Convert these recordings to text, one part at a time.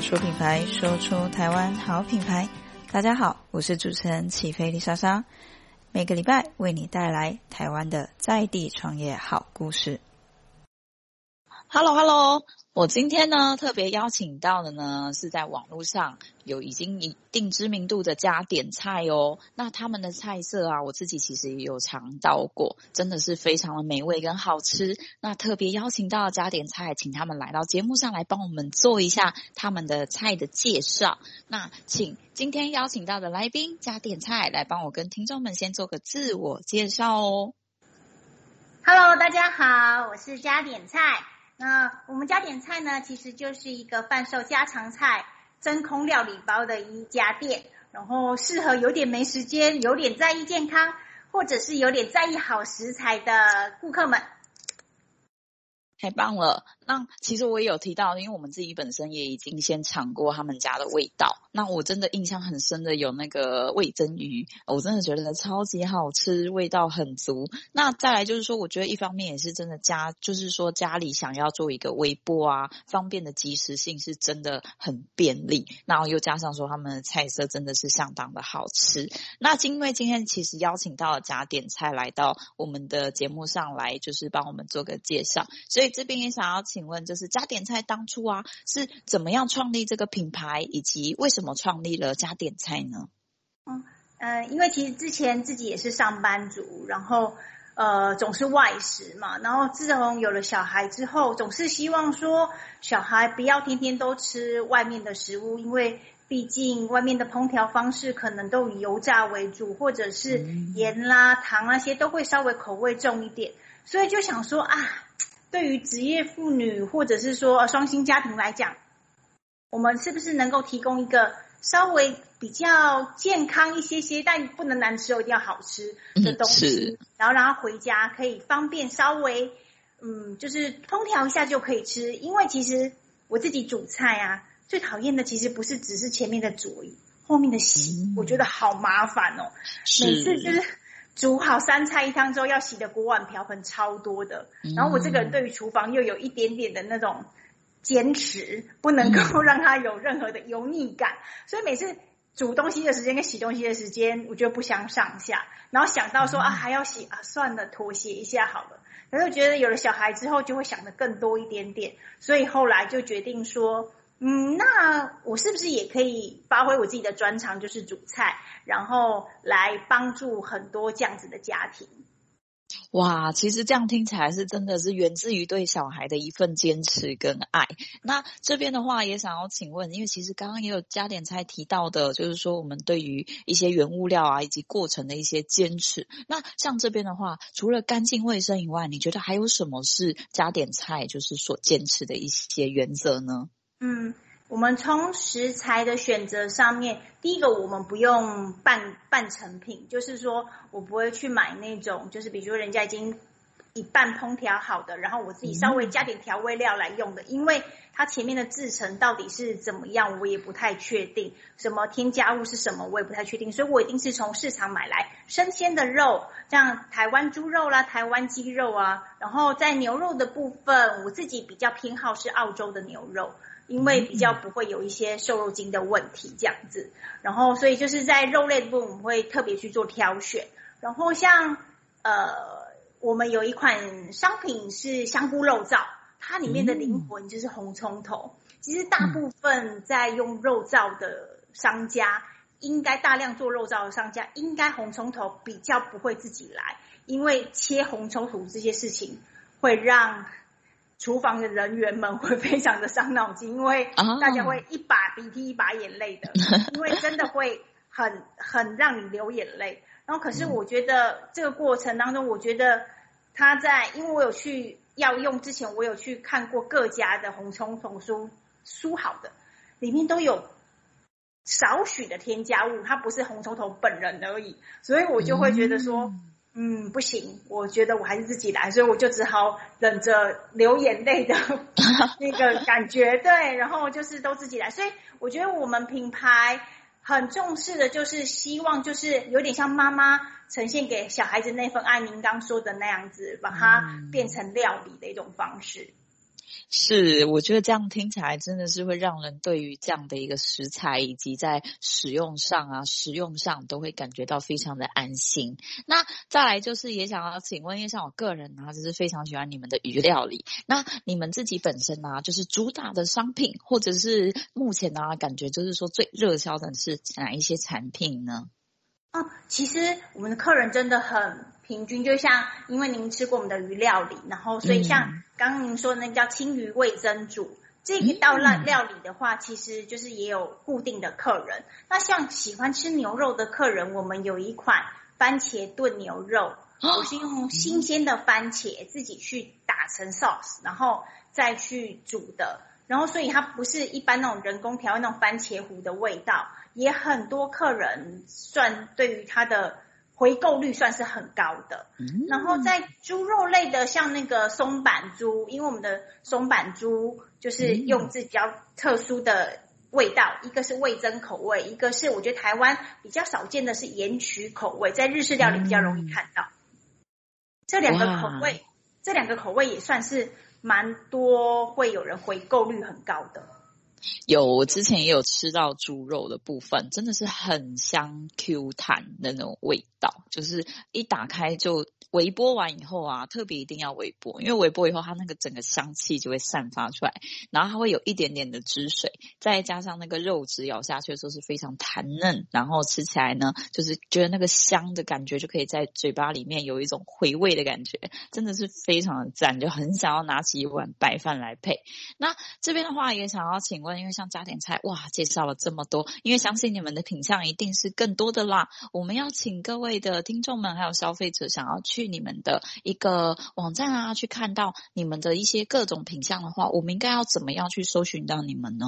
說品牌，說出台灣好品牌。大家好，我是主持人起飛麗莎莎，每個禮拜為你帶來台灣的在地創業好故事。哈囉，哈囉！我今天呢特別邀請到的呢是在網絡上有已經一定知名度的家點菜哦。那他們的菜色啊，我自己其實也有嘗到過，真的是非常的美味跟好吃。那特別邀請到的家點菜，請他們來到節目上來幫我們做一下他們的菜的介紹。那請今天邀請到的來賓家點菜來幫我跟聽眾們先做個自我介紹哦。哈囉，大家好，我是家點菜。那我們家點菜呢，其實就是一個販售家常菜、真空料理包的一家店，然後適合有點沒時間、有點在意健康，或者是有點在意好食材的顧客們。太棒了！那其實我也有提到，因為我們自己本身也已經先嘗過他們家的味道。那我真的印象很深的有那個味噌魚，我真的覺得超級好吃，味道很足。那再來就是說，我覺得一方面也是真的家，就是說家裡想要做一個微波啊，方便的即時性，是真的很便利。然後又加上說他們的菜色真的是相當的好吃。那因為今天其實邀請到了家點菜來到我們的節目上來，就是幫我們做個介紹，所以這邊也想要請。請問，就是家點菜當初啊，是怎麼樣創立這個品牌，以及為什麼創立了家點菜呢？嗯呃，因為其實之前自己也是上班族，然後呃總是外食嘛，然後自從有了小孩之後，總是希望說小孩不要天天都吃外面的食物，因為畢竟外面的烹調方式可能都以油炸為主，或者是鹽啦糖、那些都會稍微口味重一點，所以就想說啊。對於職業婦女或者是說雙薪家庭來講，我們是不是能夠提供一個稍微比較健康一些些，但不能難吃哦，一定要好吃的東西，然後讓她回家可以方便稍微嗯，就是烹調一下就可以吃。因為其實我自己煮菜啊，最討厭的其實不是只是前面的煮，後面的洗，我覺得好麻煩哦，每次就是。煮好三菜一湯之後，要洗的鍋碗瓢盆超多的。然後我這個人對於廚房又有一點點的那種堅持，不能夠讓它有任何的油膩感。所以每次煮東西的時間跟洗東西的時間，我就不相上下。然後想到說啊，還要洗啊，算了，妥協一下好了。可是我覺得有了小孩之後，就會想的更多一點點。所以後來就決定說。嗯，那我是不是也可以發揮我自己的專長，就是煮菜，然後來幫助很多這樣子的家庭？哇，其實這樣聽起來是真的是源自於對小孩的一份堅持跟愛。那這邊的話，也想要請問，因為其實剛剛也有家點菜提到的，就是說我們對於一些原物料啊，以及過程的一些堅持。那像這邊的話，除了乾淨衛生以外，你覺得還有什麼是家點菜就是所堅持的一些原則呢？嗯，我們從食材的選擇上面，第一個我們不用半半成品，就是說我不會去買那種，就是比如說人家已經一半烹調好的，然後我自己稍微加點調味料來用的，因為它前面的製程到底是怎麼樣，我也不太確定，什麼添加物是什麼，我也不太確定，所以我一定是從市場買來生鮮的肉，像台灣豬肉啦、啊、台灣雞肉啊，然後在牛肉的部分，我自己比較偏好是澳洲的牛肉。因為比較不會有一些瘦肉精的問題這樣子，然後所以就是在肉類的部分，我們會特別去做挑選。然後像呃，我們有一款商品是香菇肉燥，它裡面的靈魂就是紅蔥頭。其實大部分在用肉燥的商家，應該大量做肉燥的商家，應該紅蔥頭比較不會自己來，因為切紅蔥頭這些事情會讓。廚房的人員們會非常的傷腦筋，因為大家會一把鼻涕一把眼淚的，因為真的會很很讓你流眼淚。然後，可是我覺得這個過程當中，我覺得他在，因為我有去要用之前，我有去看過各家的紅蔥頭酥，酥好的，裡面都有少許的添加物，它不是紅蔥頭本人而已，所以我就會覺得說。嗯嗯，不行，我覺得我還是自己來，所以我就只好忍着流眼淚的那個感覺，對，然後就是都自己來，所以我覺得我們品牌很重視的，就是希望就是有點像媽媽呈現給小孩子那份愛，您剛說的那樣子，把它變成料理的一種方式。是，我覺得這樣聽起來真的是會讓人對於這樣的一個食材以及在使用上啊，使用上都會感覺到非常的安心。那再來就是也想要請問，一下我個人呢、啊，就是非常喜歡你們的魚料理。那你們自己本身呢、啊，就是主打的商品，或者是目前呢、啊，感覺就是說最熱銷的是哪一些產品呢？啊、嗯，其實我們的客人真的很。平均就像，因為您吃過我們的魚料理，然後所以像剛剛您說的那叫青魚味噌煮這一道料料理的話，其實就是也有固定的客人。那像喜歡吃牛肉的客人，我們有一款番茄燉牛肉，我是用新鮮的番茄自己去打成 sauce，然後再去煮的，然後所以它不是一般那種人工調那種番茄糊的味道，也很多客人算對於它的。回購率算是很高的，嗯、然後在豬肉類的，像那個松阪豬，因為我們的松阪豬就是用比較特殊的味道，嗯、一個是味噌口味，一個是我覺得台灣比較少見的是鹽麴口味，在日式料理比較容易看到，嗯、這兩個口味，這兩個口味也算是蠻多會有人回購率很高的。有，我之前也有吃到豬肉的部分，真的是很香，Q 彈的那種味道。就是一打開就微波完以後啊，特別一定要微波，因為微波以後它那個整個香氣就會散發出來，然後它會有一點點的汁水，再加上那個肉質咬下去的時候是非常彈嫩，然後吃起來呢，就是覺得那個香的感覺就可以在嘴巴裡面有一種回味的感覺，真的是非常的讚，就很想要拿起一碗白飯來配。那這邊的話也想要請問。因為像家點菜哇，介紹了這麼多，因為相信你們的品相一定是更多的啦。我們要請各位的聽眾們還有消費者想要去你們的一個網站啊，去看到你們的一些各種品相的話，我們應該要怎麼樣去搜尋到你們呢？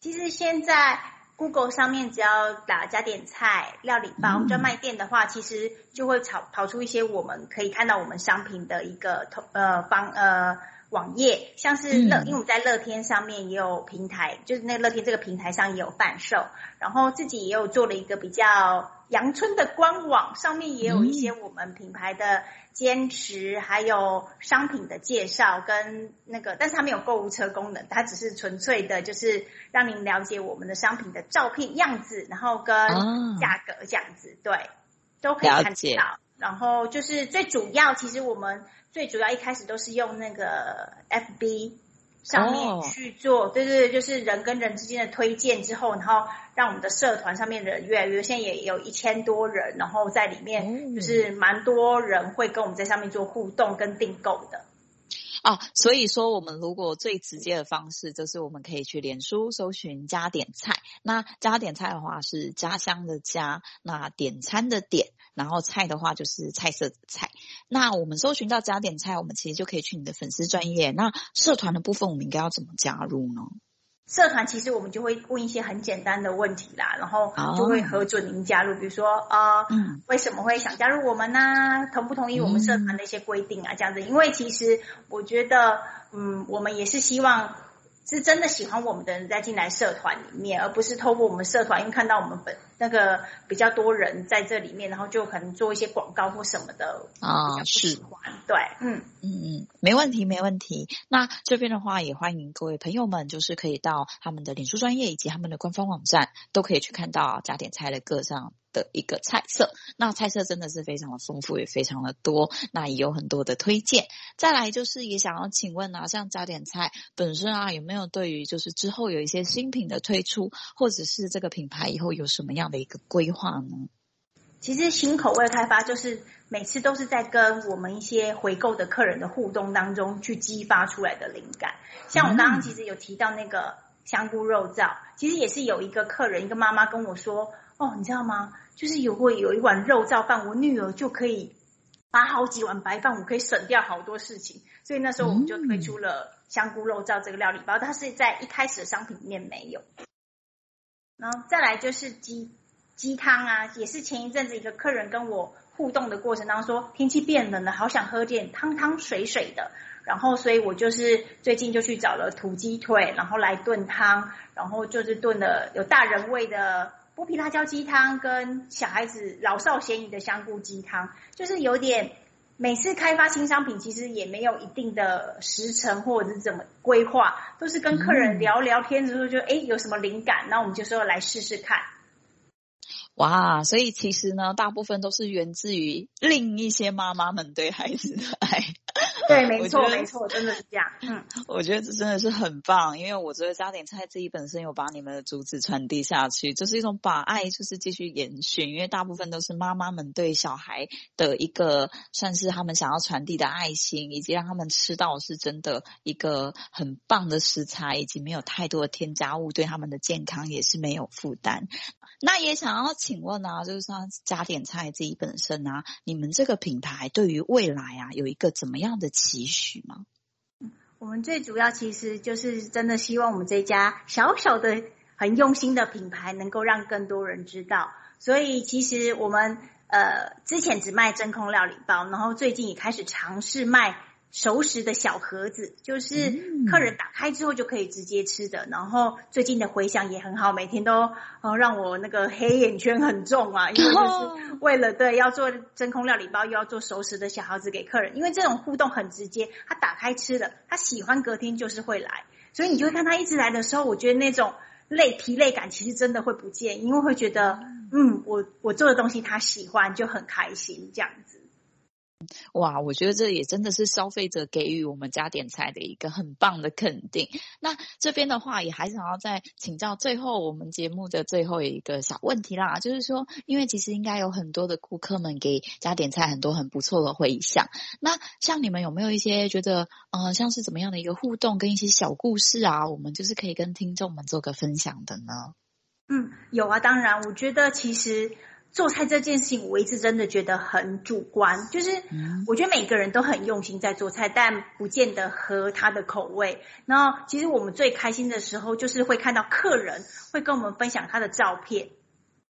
其實現在 Google 上面只要打家點菜料理包專、嗯、賣店的話，其實就會跑跑出一些我們可以看到我們商品的一個同呃方呃。方呃網頁像是樂，因為我們在樂天上面也有平台，嗯、就是那個樂天這個平台上也有販售。然後自己也有做了一個比較陽春的官網，上面也有一些我們品牌的堅持、嗯，還有商品的介紹跟那個，但是它沒有購物車功能，它只是純粹的就是讓您了解我們的商品的照片樣子，然後跟價格這樣子、哦，對，都可以看得到。然後就是最主要，其實我們最主要一開始都是用那個 FB 上面去做，Oh. 對對對，就是人跟人之間的推薦之後，然後讓我們的社團上面的人越來越多，現在也有一千多人，然後在裡面就是蠻多人會跟我們在上面做互動跟訂購的。哦，所以說我們如果最直接的方式，就是我們可以去臉書搜尋“家點菜”。那“家點菜”的話是家鄉的“家”，那點餐的“點”，然後菜的話就是菜色的“菜”。那我們搜尋到“家點菜”，我們其實就可以去你的粉絲專頁。那社團的部分，我們應該要怎麼加入呢？社團其實我們就會問一些很簡單的問題啦，然後就會核准您加入，oh. 比如說啊、呃，為什麼會想加入我們呢、啊？同不同意我們社團的一些規定啊？這樣子，因為其實我覺得，嗯，我們也是希望是真的喜歡我們的人再進來社團裡面，而不是透過我們社團，因為看到我們本。那個比較多人在這裡面，然後就可能做一些廣告或什麼的啊，喜歡，是，對，嗯嗯嗯，沒問題，沒問題。那這邊的話也歡迎各位朋友們，就是可以到他們的臉書專業以及他們的官方網站，都可以去看到家、啊、點菜的各項的一個菜色。那菜色真的是非常的豐富，也非常的多，那也有很多的推薦。再來就是也想要請問啊，像家點菜本身啊，有沒有對於就是之後有一些新品的推出，或者是這個品牌以後有什麼樣？的一個規劃呢？其實新口味開發就是每次都是在跟我們一些回購的客人的互動當中去激發出來的靈感。像我剛剛其實有提到那個香菇肉燥，其實也是有一個客人一個媽媽跟我說：“哦，你知道嗎？就是有過有一碗肉燥飯，我女兒就可以把好幾碗白飯，我可以省掉好多事情。”所以那時候我們就推出了香菇肉燥這個料理包，它是在一開始的商品裡面沒有。然後再來就是雞。雞湯啊，也是前一陣子一個客人跟我互動的過程當中說，天氣變冷了，好想喝點湯湯水水的。然後，所以我就是最近就去找了土雞腿，然後來燉湯，然後就是燉了有大人味的剝皮辣椒雞湯，跟小孩子老少咸宜的香菇雞湯。就是有點每次開發新商品，其實也沒有一定的時程或者是怎麼規劃，都是跟客人聊聊天的時候，就、嗯、哎有什麼靈感，那我們就說來試試看。哇，所以其實呢，大部分都是源自於另一些媽媽們對孩子的愛。 對，沒錯，沒錯，真的是這樣。嗯，我覺得這真的是很棒，因為我覺得家點菜自己本身有把你們的主旨傳遞下去，就是一種把愛就是繼續延續。因為大部分都是媽媽們對小孩的一個，算是他們想要傳遞的愛心，以及讓他們吃到是真的一個很棒的食材，以及沒有太多的添加物，對他們的健康也是沒有負擔。那也想要。請問啊，就是像家點菜自己本身啊，你們這個品牌對於未來啊，有一個怎麼樣的期許嗎？嗯，我們最主要其實就是真的希望我們這家小小的、很用心的品牌，能夠讓更多人知道。所以其實我們呃之前只賣真空料理包，然後最近也開始嘗試賣。熟食的小盒子，就是客人打開之後就可以直接吃的。然後最近的迴響也很好，每天都哦讓我那個黑眼圈很重啊，因為就是為了對要做真空料理包，又要做熟食的小盒子給客人，因為這種互動很直接，他打開吃了，他喜歡，隔天就是會來。所以你就會看他一直來的時候，我覺得那種累疲累感其實真的會不見，因為會覺得嗯，我我做的東西他喜歡，就很開心這樣子。哇，我覺得這也真的是消費者給予我們家點菜的一個很棒的肯定。那這邊的話，也還想要再請教最後我們節目的最後一個小問題啦，就是說，因為其實應該有很多的顧客們給家點菜很多很不錯的回響。那像你們有沒有一些覺得，呃，像是怎麼樣的一個互動跟一些小故事啊？我們就是可以跟聽眾們做個分享的呢？嗯，有啊，當然，我覺得其實。做菜這件事情，我一直真的覺得很主觀，就是我覺得每個人都很用心在做菜，但不見得合他的口味。然後，其實我們最開心的時候，就是會看到客人會跟我們分享他的照片，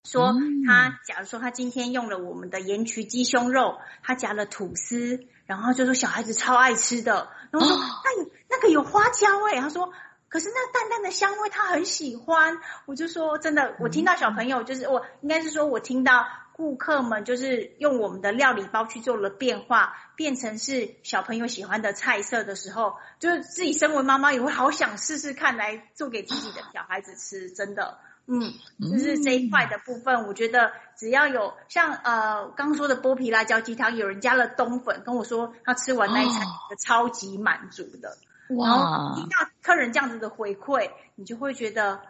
說他假如說他今天用了我們的鹽焗雞胸肉，他夾了吐司，然後就說小孩子超愛吃的，然後說那有，那個有花椒哎，欸，他說。可是那淡淡的香味，他很喜歡。我就說，真的，我聽到小朋友，就是我應該是說，我聽到顧客們，就是用我們的料理包去做了變化，變成是小朋友喜歡的菜色的時候，就是自己身為媽媽也會好想試試看，來做給自己的小孩子吃。真的，嗯，就是這一塊的部分，我覺得只要有像呃剛說的剝皮辣椒雞湯，有人加了冬粉，跟我說他吃完那一餐超級滿足的，哦。哇！聽到客人這樣子的回饋，你就會覺得，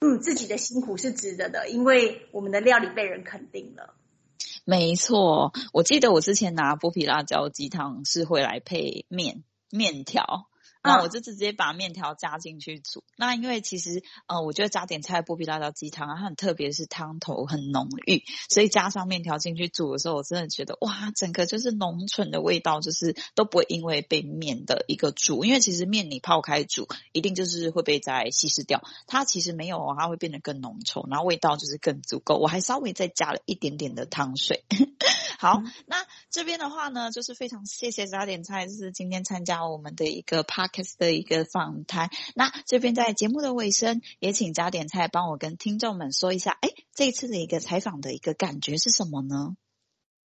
嗯，自己的辛苦是值得的，因為我們的料理被人肯定了。沒錯，我記得我之前拿剝皮辣椒雞湯是會來配麵麵條。那我就直接把麵條加進去煮。那因為其實呃，我覺得家點菜薄皮辣椒雞湯啊，它很特別是湯頭很濃郁，所以加上麵條進去煮的時候，我真的覺得哇，整個就是濃醇的味道，就是都不會因為被麵的一個煮，因為其實麵你泡開煮，一定就是會被再稀釋掉。它其實沒有，它會變得更濃稠，然後味道就是更足夠。我還稍微再加了一點點的湯水。 好、嗯，那這邊的話呢，就是非常謝謝家點菜，就是今天參加我們的一個趴。始的一個訪談，那這邊在節目的尾聲，也請加點菜幫我跟聽眾們說一下，哎，這次的一個採訪的一個感覺是什麼呢？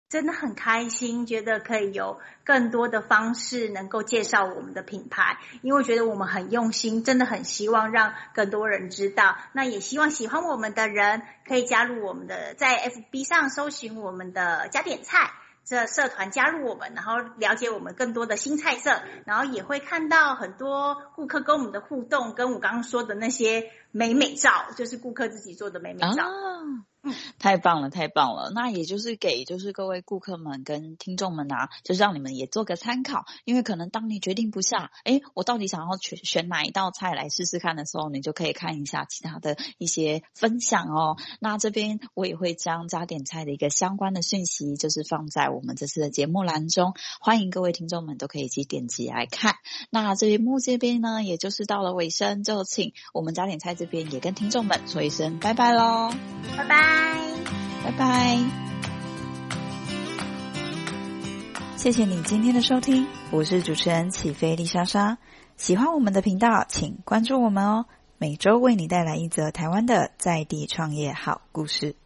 真的很開心，覺得可以有更多的方式能夠介紹我們的品牌，因為覺得我們很用心，真的很希望讓更多人知道。那也希望喜歡我們的人可以加入我們的，在 FB 上搜尋我們的加點菜。這社團加入我們，然後了解我們更多的新菜色，然後也會看到很多顧客跟我們的互動，跟我剛剛說的那些美美照，就是顧客自己做的美美照。Oh. 嗯，太棒了，太棒了。那也就是給就是各位顧客們跟聽眾們吶、啊，就是讓你們也做個參考，因為可能當你決定不下，哎，我到底想要選選哪一道菜來試試看的時候，你就可以看一下其他的一些分享哦。那這邊我也會將家點菜的一個相關的訊息，就是放在我們這次的節目欄中，歡迎各位聽眾們都可以一起點擊來看。那節目這邊呢，也就是到了尾聲，就請我們家點菜這邊也跟聽眾們說一聲拜拜嘍，拜拜。拜拜，拜拜！謝謝你今天的收聽，我是主持人起飛麗莎莎。喜歡我們的頻道，請關注我們哦！每周為你帶來一則台灣的在地創業好故事。